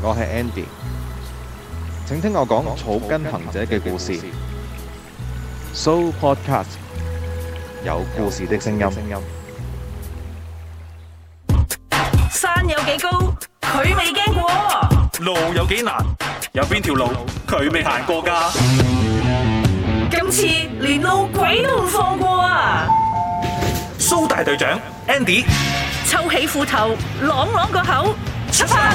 我係 Andy，請聽我講草根行者嘅故事。So Podcast 有故事的聲音。山有幾高，佢未驚過；路有幾難，有邊條路佢未行過噶！今次連路鬼都唔放過啊！蘇大隊長 Andy，抽起褲頭，啷啷個口，出發！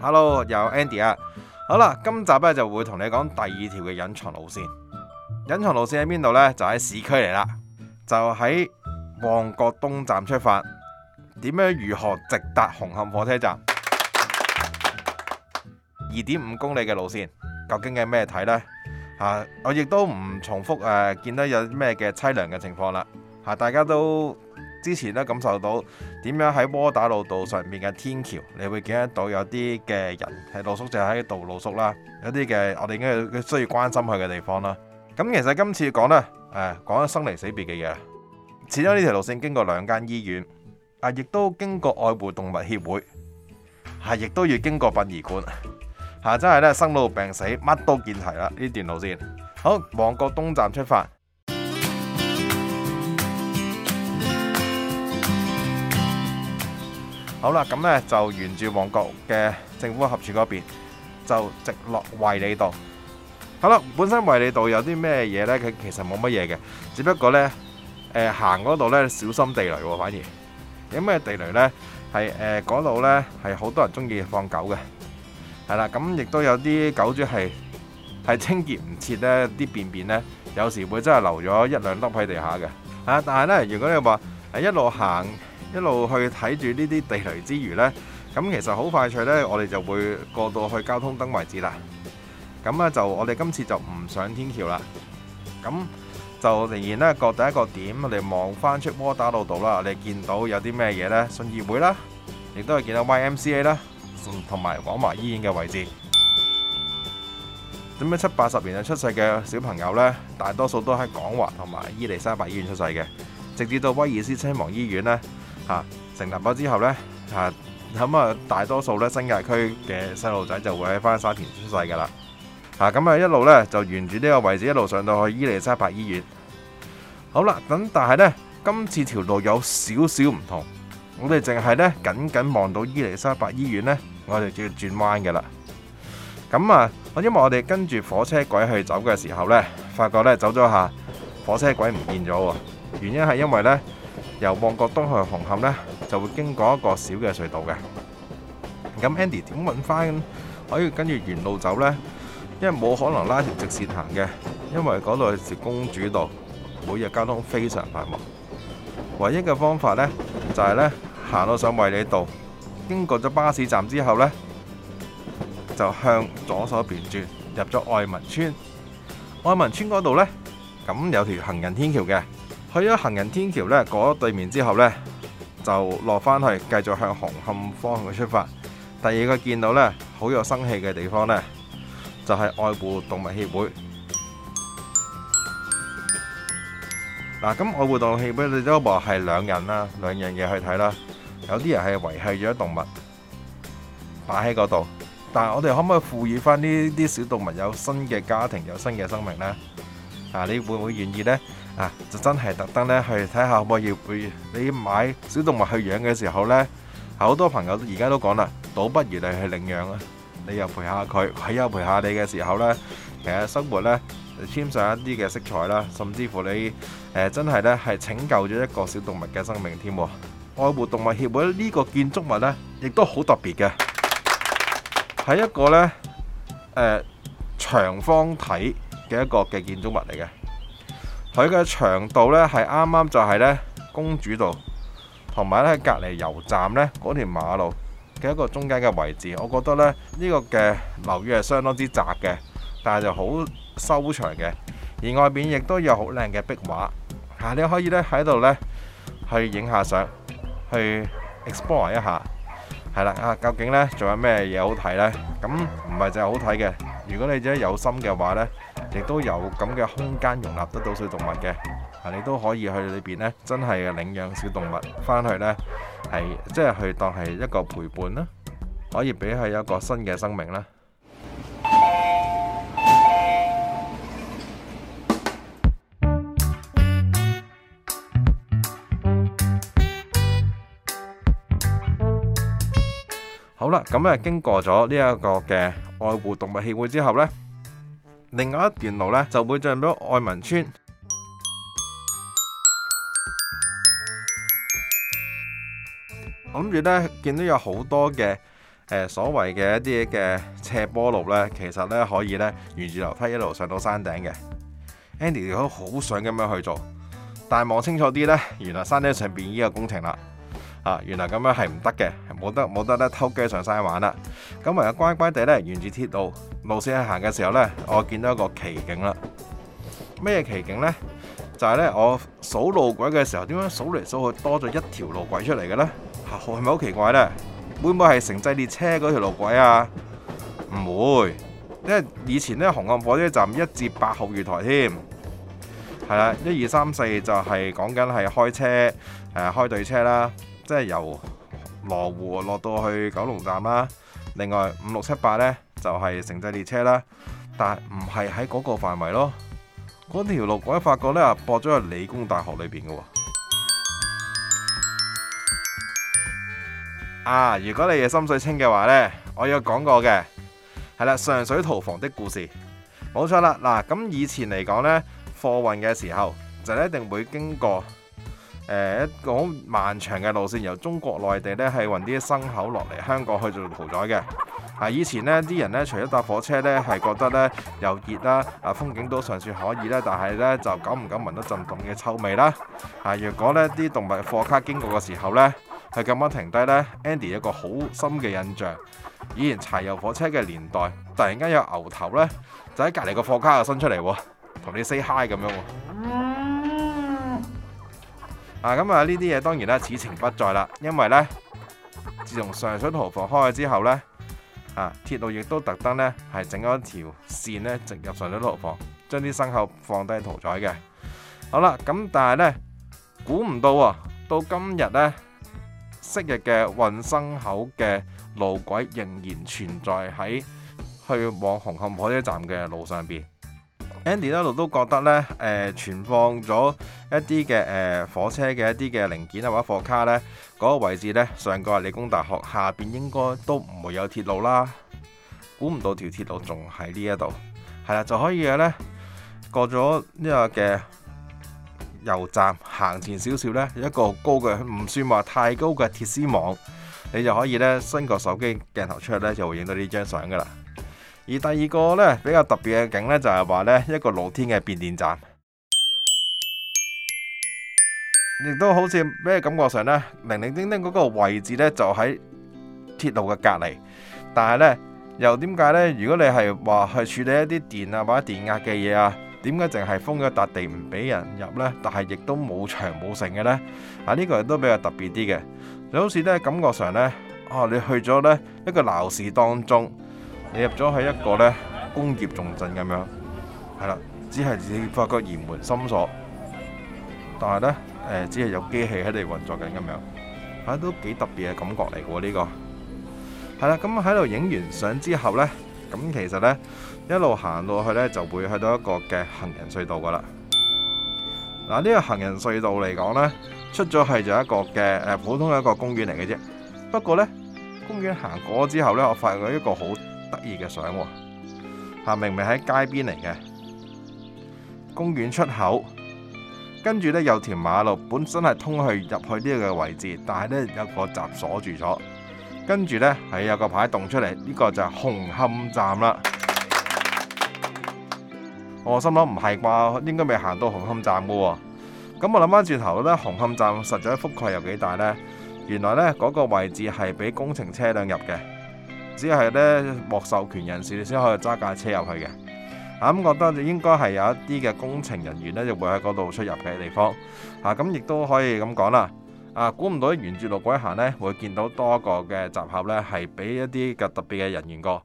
Hello，有 Andy 啊，好啦，今集咧就會同你講第二條嘅隱藏路線，隱藏路線喺邊度呢？就喺市區嚟啦，就喺旺角東站出發，點樣如何直達紅磡火車站？二點五公里嘅路線，究竟係咩睇呢？啊，我亦都唔重複誒，見、啊、得有咩嘅淒涼嘅情況啦，吓、啊、大家都。之前咧感受到點樣喺窩打老道上面嘅天橋，你會見得到有啲嘅人係露宿就喺度露宿啦，有啲嘅我哋應該需要關心佢嘅地方啦。咁其實今次講咧，誒講咗生離死別嘅嘢，始終呢條路線經過兩間醫院，啊亦都經過愛護動物協會，係亦都要經過殯儀館，嚇真係咧生老病死乜都見齊啦呢段路線。好，旺角東站出發。好啦，咁呢就沿住旺角嘅政府合署嗰邊，就直落維里道。好啦，本身維里道有啲咩嘢呢？佢其實冇乜嘢嘅，只不過呢，誒行嗰度呢，小心地雷喎、哦。反而有咩地雷呢？係誒嗰度呢，係好多人中意放狗嘅，係啦。咁亦都有啲狗主係係清潔唔切呢啲便便呢，有時會真係留咗一兩粒喺地下嘅。啊，但係呢，如果你話，一路行，一路去睇住呢啲地雷之餘呢，咁其實好快脆呢，我哋就會過到去交通燈位置啦。咁咧就我哋今次就唔上天橋啦。咁就仍然咧過第一個點，我哋望翻出窩打老道啦。我哋見到有啲咩嘢呢？信義會啦，亦都係見到 YMCA 啦，同埋廣華醫院嘅位置。咁樣七八十年代出世嘅小朋友呢，大多數都喺廣華同埋伊利沙伯醫院出世嘅。直至到威爾斯親王醫院呢嚇成立咗之後呢，嚇咁啊大多數呢，新界區嘅細路仔就會喺翻沙田出世噶啦，嚇咁啊一路呢，就沿住呢個位置一路上到去伊利沙伯醫院。好啦，咁但係呢，今次條路有少少唔同，我哋淨係呢，僅僅望到伊利沙伯醫院呢，我哋就要轉彎噶啦。咁啊，因為我哋跟住火車軌去走嘅時候呢，發覺呢，走咗下火車軌唔見咗喎。原因係因為咧，由旺角東去紅磡咧，就會經過一個小嘅隧道嘅。咁 Andy 點揾翻可以跟住沿路走咧？因為冇可能拉條直線行嘅，因為嗰度係公主道，每日交通非常繁忙。唯一嘅方法咧，就係咧行到上衛理道，經過咗巴士站之後咧，就向左手邊轉入咗愛民村。愛民村嗰度咧，咁有條行人天橋嘅。去咗行人天橋呢，過咗對面之後呢，就落翻去，繼續向紅磡方向出發。第二個見到呢，好有生氣嘅地方呢，就係愛護動物協會。嗱，咁愛護動物協會，你都話係兩人啦，兩樣嘢去睇啦。有啲人係遺棄咗動物擺喺嗰度，但係我哋可唔可以賦予翻呢啲小動物有新嘅家庭，有新嘅生命呢？啊，你會唔會願意呢？啊！就真係特登呢去睇下，可唔可以？你你買小動物去養嘅時候呢，好多朋友而家都講啦，倒不如你去領養啊！你又陪下佢，佢又陪下你嘅時候呢，其實生活呢添上一啲嘅色彩啦，甚至乎你誒、呃、真係呢，係拯救咗一個小動物嘅生命添，啊。愛護動物協會呢個建築物呢，亦都好特別嘅，係 一個呢誒、呃、長方體嘅一個嘅建築物嚟嘅。佢嘅長度咧係啱啱就係咧公主道同埋咧隔離油站咧嗰條馬路嘅一個中間嘅位置，我覺得咧呢個嘅樓宇係相當之窄嘅，但係就好修長嘅，而外面亦都有好靚嘅壁畫嚇，你可以咧喺度咧去影下相，去 explore 一下，係啦啊，究竟咧仲有咩嘢好睇咧？咁唔係淨係好睇嘅，如果你真係有心嘅話咧。亦都有咁嘅空間容納得到小動物嘅，啊，你都可以去裏邊呢，真係領養小動物翻去呢，係即係去當係一個陪伴啦，可以俾佢一個新嘅生命啦。好啦，咁呢經過咗呢一個嘅愛護動物協會之後呢。另外一段路咧，就會進入到愛民村。我諗住咧，見到有好多嘅誒所謂嘅一啲嘅斜坡路咧，其實咧可以咧沿住樓梯一路上到山頂嘅。Andy 都好想咁樣去做，但望清楚啲咧，原來山頂上邊依個工程啦。啊，原來咁樣係唔得嘅，係冇得冇得咧偷雞上山玩啦。咁唯有乖乖地咧，沿住鐵路路線行嘅時候呢，我見到一個奇景啦。咩奇景呢？就係、是、呢，我數路軌嘅時候，點樣數嚟數去多咗一條路軌出嚟嘅呢？係咪好奇怪呢？會唔會係城際列車嗰條路軌啊？唔會，因為以前呢紅磡火車站一至八號月台添，係啦，一二三四就係講緊係開車誒、啊、開對車啦。即係由羅湖落到去九龍站啦，另外五六七八呢就係城際列車啦，但唔係喺嗰個範圍咯。嗰條路我喺發覺呢，啊，駁咗去理工大學裏邊嘅喎。啊，如果你嘅心水清嘅話呢，我有講過嘅係啦，上水屠房的故事，冇錯啦。嗱，咁以前嚟講呢，貨運嘅時候就一定會經過。誒，一個好漫長嘅路線，由中國內地呢係運啲牲口落嚟香港去做屠宰嘅。啊，以前呢啲人呢，除咗搭火車呢，係覺得呢又熱啦，啊，風景都尚算可以咧，但係呢就敢唔敢聞得陣凍嘅臭味啦。啊，若果呢啲動物貨卡經過嘅時候呢，係咁樣停低呢。Andy 有個好深嘅印象。以前柴油火車嘅年代，突然間有牛頭呢，就喺隔離個貨卡又伸出嚟，同你 say hi 咁樣。啊，咁啊，呢啲嘢當然啦，此情不再啦，因為呢，自從上水屠房開咗之後呢，啊，鐵路亦都特登呢，係整咗一條線呢，直入上水屠房，將啲牲口放低屠宰嘅。好啦，咁但係呢，估唔到啊、哦，到今日呢，昔日嘅運牲口嘅路軌仍然存在喺去往紅磡火車站嘅路上邊。Andy 一路都覺得呢，誒、呃、存放咗一啲嘅誒火車嘅一啲嘅零件啊，或者貨卡呢嗰、嗰個位置呢。上個係理工大學下邊應該都唔會有鐵路啦。估唔到這條鐵路仲喺呢一度，係啦就可以咧過咗呢個嘅油站行前少少呢，有一個高嘅唔算話太高嘅鐵絲網，你就可以呢，伸個手機鏡頭出嚟呢，就會影到呢張相噶啦。而第二個咧比較特別嘅景咧就係話咧一個露天嘅變電站，亦都好似咩感覺上呢？零零丁丁嗰個位置咧就喺鐵路嘅隔離，但係呢，又點解呢？如果你係話去處理一啲電啊或者電壓嘅嘢啊，點解淨係封咗笪地唔俾人入呢？但係亦都冇牆冇剩嘅呢？啊呢、呢個亦都比較特別啲嘅，你好似呢感覺上呢，哦、啊，你去咗呢一個鬧市當中。你入咗喺一個呢工業重鎮咁樣，係啦，只係你發覺嚴門深鎖，但係呢，誒，只係有機器喺度運作緊咁樣，嚇都幾特別嘅感覺嚟嘅喎呢個。係啦，咁喺度影完相之後呢，咁其實呢，一路行到去呢，就會去到一個嘅行人隧道噶啦。嗱，呢個行人隧道嚟講呢，出咗係就一個嘅誒普通嘅一個公園嚟嘅啫。不過呢，公園行過之後呢，我發現佢一個好得意嘅相喎，嚇明明喺街邊嚟嘅，公園出口，跟住呢有條馬路本身係通去入去呢個位置，但係呢有個閘鎖住咗，跟住呢，係有個牌洞出嚟，呢、呢個就係紅磡站啦。 我心諗唔係啩，應該未行到紅磡站噶喎。咁我諗翻轉頭咧，紅磡站實在覆蓋有幾大呢？原來呢嗰個位置係俾工程車輛入嘅。只係咧獲授權人士先可以揸架車入去嘅。啊咁覺得應該係有一啲嘅工程人員咧，就會喺嗰度出入嘅地方。啊咁，亦都可以咁講啦。啊，估唔到沿住路軌行咧，會見到多個嘅集合。咧，係俾一啲嘅特別嘅人員過好。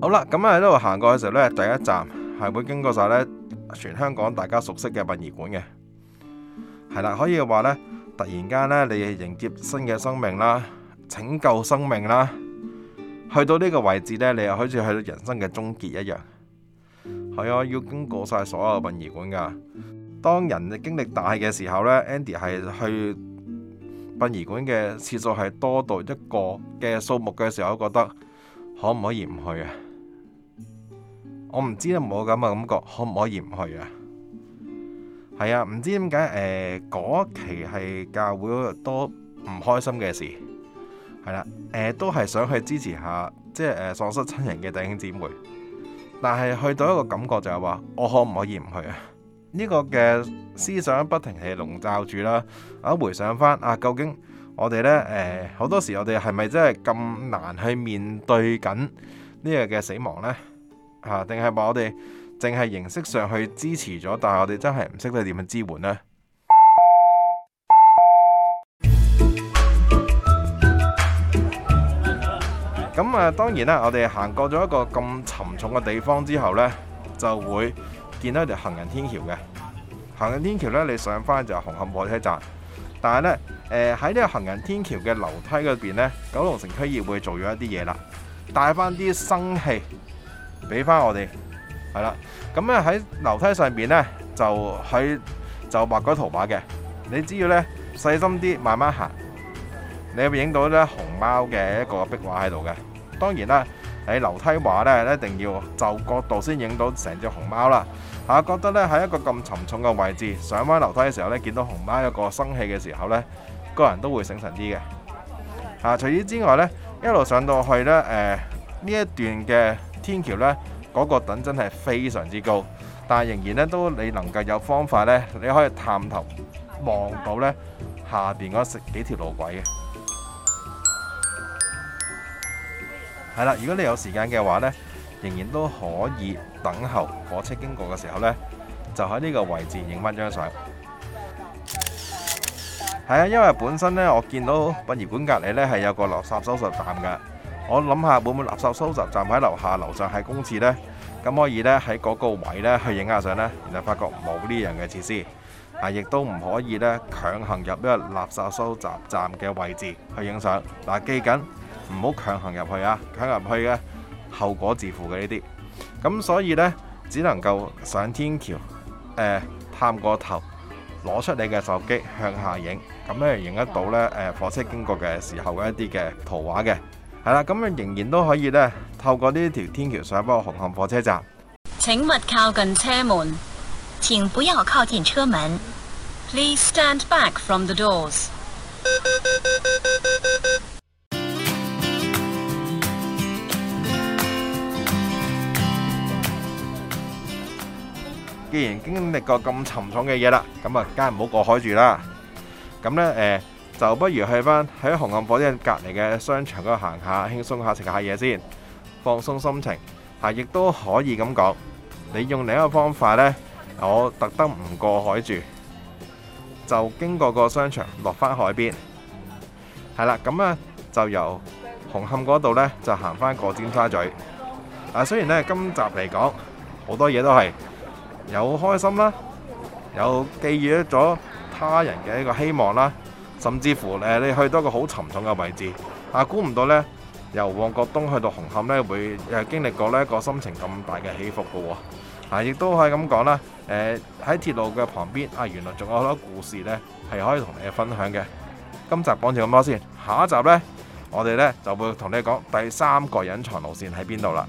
好啦，咁喺呢度行過嘅時候咧，第一站係會經過晒咧全香港大家熟悉嘅殯儀館嘅。係啦，可以話咧，突然間咧，你迎接新嘅生命啦，拯救生命啦，去到呢個位置咧，你又好似去到人生嘅終結一樣。係啊，要經過晒所有殯儀館噶。當人嘅經歷大嘅時候咧，Andy 係去殯儀館嘅次數係多到一個嘅數目嘅時候，覺得可唔可以唔去啊？我唔知有冇咁嘅感覺，可唔可以唔去啊？係啊，唔知點解誒嗰期係教會多唔開心嘅事，係啦誒，都係想去支持下，即係誒喪失親人嘅弟兄姊妹，但係去到一個感覺就係話，我可唔可以唔去啊？呢個嘅思想不停係籠罩住啦。啊，回想翻啊，究竟我哋咧誒好多時我哋係咪真係咁難去面對緊呢個嘅死亡咧？啊，定係話我哋？淨係形式上去支持咗，但係我哋真係唔識得點樣支援呢。咁啊， 當然啦，我哋行過咗一個咁沉重嘅地方之後呢，就會見到一條行人天橋嘅。行人天橋呢，你上返就紅磡火車站。但係呢，誒喺呢個行人天橋嘅樓梯嗰邊呢，九龍城區業會做咗一啲嘢啦，帶返啲生氣俾返我哋。係啦，咁咧喺樓梯上邊咧就佢就畫咗圖畫嘅，你只要咧細心啲慢慢行，你會影到咧熊貓嘅一個壁畫喺度嘅。當然啦，喺樓梯畫咧一定要就角度先影到成隻熊貓啦。嚇、啊，覺得咧喺一個咁沉重嘅位置上翻樓梯嘅時候咧，見到熊貓一個生氣嘅時候咧，個人都會醒神啲嘅。嚇、啊，除此之外咧，一路上到去咧誒呢、呃、一段嘅天橋咧。嗰個等真係非常之高，但係仍然呢，都你能夠有方法呢，你可以探頭望到呢下邊嗰幾條路軌嘅。係啦，如果你有時間嘅話呢，仍然都可以等候火車經過嘅時候呢，就喺呢個位置影翻張相。係啊，因為本身呢，我見到殯儀館隔離呢，係有個垃圾收集站㗎。我諗下，會唔會垃圾收集站喺樓下、樓上係公廁呢？咁可以呢，喺嗰個位呢去影下相呢，然後發覺冇呢樣嘅設施，啊，亦都唔可以呢強行入呢個垃圾收集站嘅位置去影相。嗱，記緊唔好強行入去啊！強入去呢，後果自負嘅呢啲。咁所以呢，只能夠上天橋、呃、探個頭攞出你嘅手機向下影，咁呢影得到呢，誒火車經過嘅時候嘅一啲嘅圖畫嘅。係啦，咁樣仍然都可以咧，透過呢條天橋上返紅磡火車站。請勿靠近車門，請不要靠近車門。Please stand back from the doors。既然經歷過咁沉重嘅嘢啦，咁啊，梗係唔好過海住啦。咁咧，誒。就不如去返喺紅磡火車站隔籬嘅商場嗰度行下，輕鬆下食下嘢先，放鬆心情。係亦都可以咁講，你用另一個方法呢，我特登唔過海住，就經過個商場，落返海邊，係啦。咁呢，就由紅磡嗰度呢就行返過尖沙咀。啊，雖然呢今集嚟講好多嘢都係有開心啦，有寄予咗他人嘅一個希望啦。甚至乎誒，你去到一個好沉重嘅位置，啊，估唔到呢由旺角東去到紅磡呢會誒經歷過呢一個心情咁大嘅起伏嘅喎，啊，亦都可以咁講啦，喺、呃、鐵路嘅旁邊，啊，原來仲有好多故事呢係可以同你哋分享嘅。今集講到咁多先，下一集呢，我哋呢就會同你講第三個隱藏路線喺邊度啦。